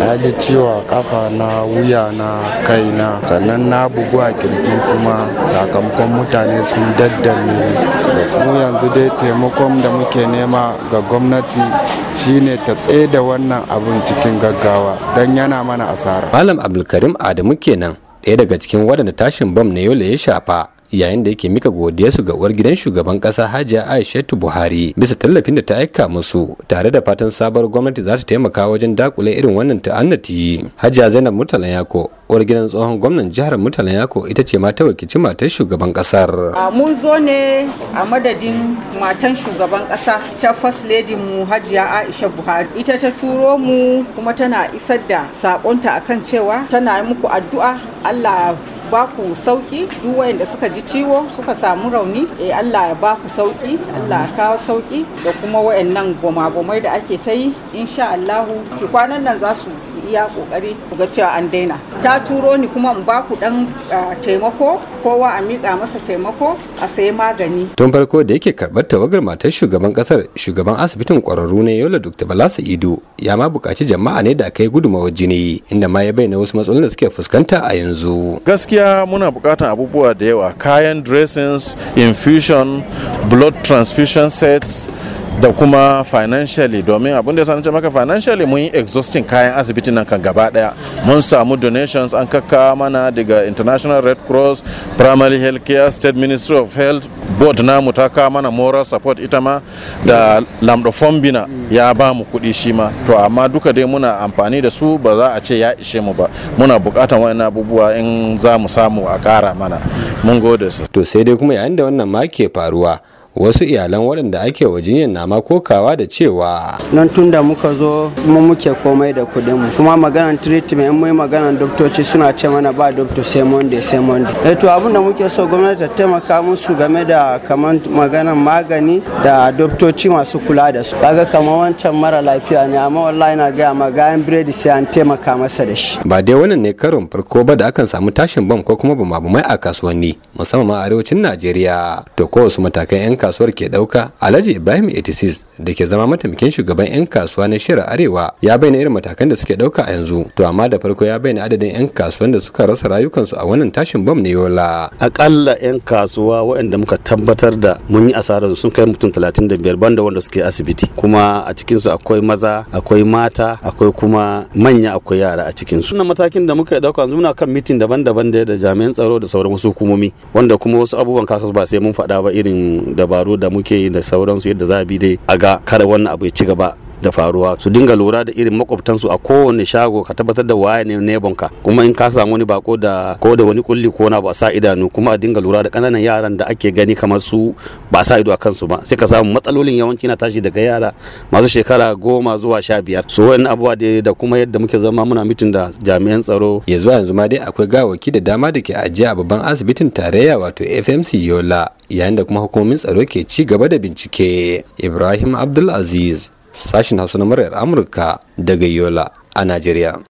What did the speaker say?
na ji cewa a kafa na wuya na kai na sannan na bugu a kirji kuma sakamakon mutane sun daddame da mu yanzu dai taimakon da muke nema ga gwamnati shine ta da wannan abin cikin gaggawa don yana mana asara malam abdulkarim adamu kenan ɗaya daga cikin waɗanda tashin bam na yola ya shafa yayin da yake mika godiyarsu ga uwar gidan shugaban kasa hajiya aishatu buhari bisa tallafin da ta aika musu tare da fatan sabar gwamnati za ta taimaka wajen dakule irin wannan ta'annati hajiya zainab murtalan yako uwar gidan tsohon gwamnan jihar murtalan yako ita ce mata wakilci matar shugaban kasar mun zo ne a madadin matan shugaban kasa ta first lady mu hajiya aisha buhari ita ta turo mu kuma tana isar da sakonta akan cewa tana muku addu'a allah ba ku sauki duk wayanda suka ji ciwo suka samu rauni e Allah ya ba ku sauki Allah ya kawo sauki da kuma wayannan goma-gomai da ake ta yi insha Allahu ki kwanan nan za su iya kokari ga cewa an daina ta turo ni kuma in ba ku dan taimako kowa a miƙa masa taimako a sai magani tun farko da yake karbar tawagar matar shugaban kasar shugaban asibitin ƙwararru ne yola dr balasa ido ya ma bukaci jama'a ne da aka yi gudumawar jini inda ma ya bayyana wasu matsalolin da suke fuskanta a yanzu gaskiya gaskiya muna bukatan abubuwa da yawa kayan dressings infusion blood transfusion sets da kuma financially domin abin da sanar maka financially mun yi exhausting kayan asibiti nan kan gaba daya mun samu donations an kakka mana daga international red cross primary health care state ministry of health board namu ta kawo mana moral support ita ma da lamdo ya ba mu kudi shi ma to amma duka dai muna amfani da su ba za a ce ya ishe mu ba muna bukatan wani abubuwa in za mu samu a kara mana mun gode su to sai dai kuma yayin da wannan ma ke faruwa wasu iyalan waɗanda ake wa jinyar na ma kokawa da cewa nan tun da muka zo kuma muke komai da kuɗin mu kuma maganan treatment mai maganan doktoci suna ce mana ba doctor sai monday sai monday eh to abin da muke so gwamnati ta taimaka musu game da kaman maganan magani da doktoci masu kula da su kaga kamar wancan mara lafiya ne amma wallahi na ga ma biredi sai an taimaka masa da shi ba dai wannan ne karin farko ba da akan samu tashin bam ko kuma mai a kasuwanni musamman a arewacin Najeriya to ko wasu matakan 'yan kasuwar ke dauka alhaji ibrahim 86 da ke zama mataimakin shugaban 'yan kasuwa na shirin arewa ya bayyana irin matakan da suke ɗauka a yanzu to amma da farko ya bayyana adadin 'yan kasuwan da suka rasa rayukansu a wannan tashin bam ne yola akalla 'yan kasuwa waɗanda muka tabbatar da mun yi asararsu sun kai mutum 35 banda wanda suke asibiti kuma a cikinsu akwai maza akwai mata akwai kuma manya akwai yara a cikinsu wannan matakin da muka ɗauka yanzu muna kan mitin daban-daban da jami'an tsaro da sauran wasu hukumomi wanda kuma wasu abubuwan kasu ba sai mun faɗa ba irin dabaru da muke yi da sauransu yadda za a bi dai a kada wannan abu ya ci gaba da faruwa su dinga lura da irin makwabtansu a kowane shago ka tabbatar da waye ne nebonka kuma in ka samu wani bako da ko da wani kulli ko na ba sa idanu kuma a dinga lura da kananan yaran da ake gani kamar su ba sa ido a kansu ba sai ka samu matsalolin yawanci na tashi daga yara masu shekara goma zuwa sha biyar su wani abubuwa da kuma yadda muke zama muna mitin da jami'an tsaro ya zuwa yanzu ma dai akwai gawaki da dama da ke ajiye a babban asibitin tarayya wato fmc yola yayin da kuma hukumomin tsaro ke ci gaba da bincike ibrahim abdulaziz Sashin Hausa na muryar Amurka daga Yola a Najeriya.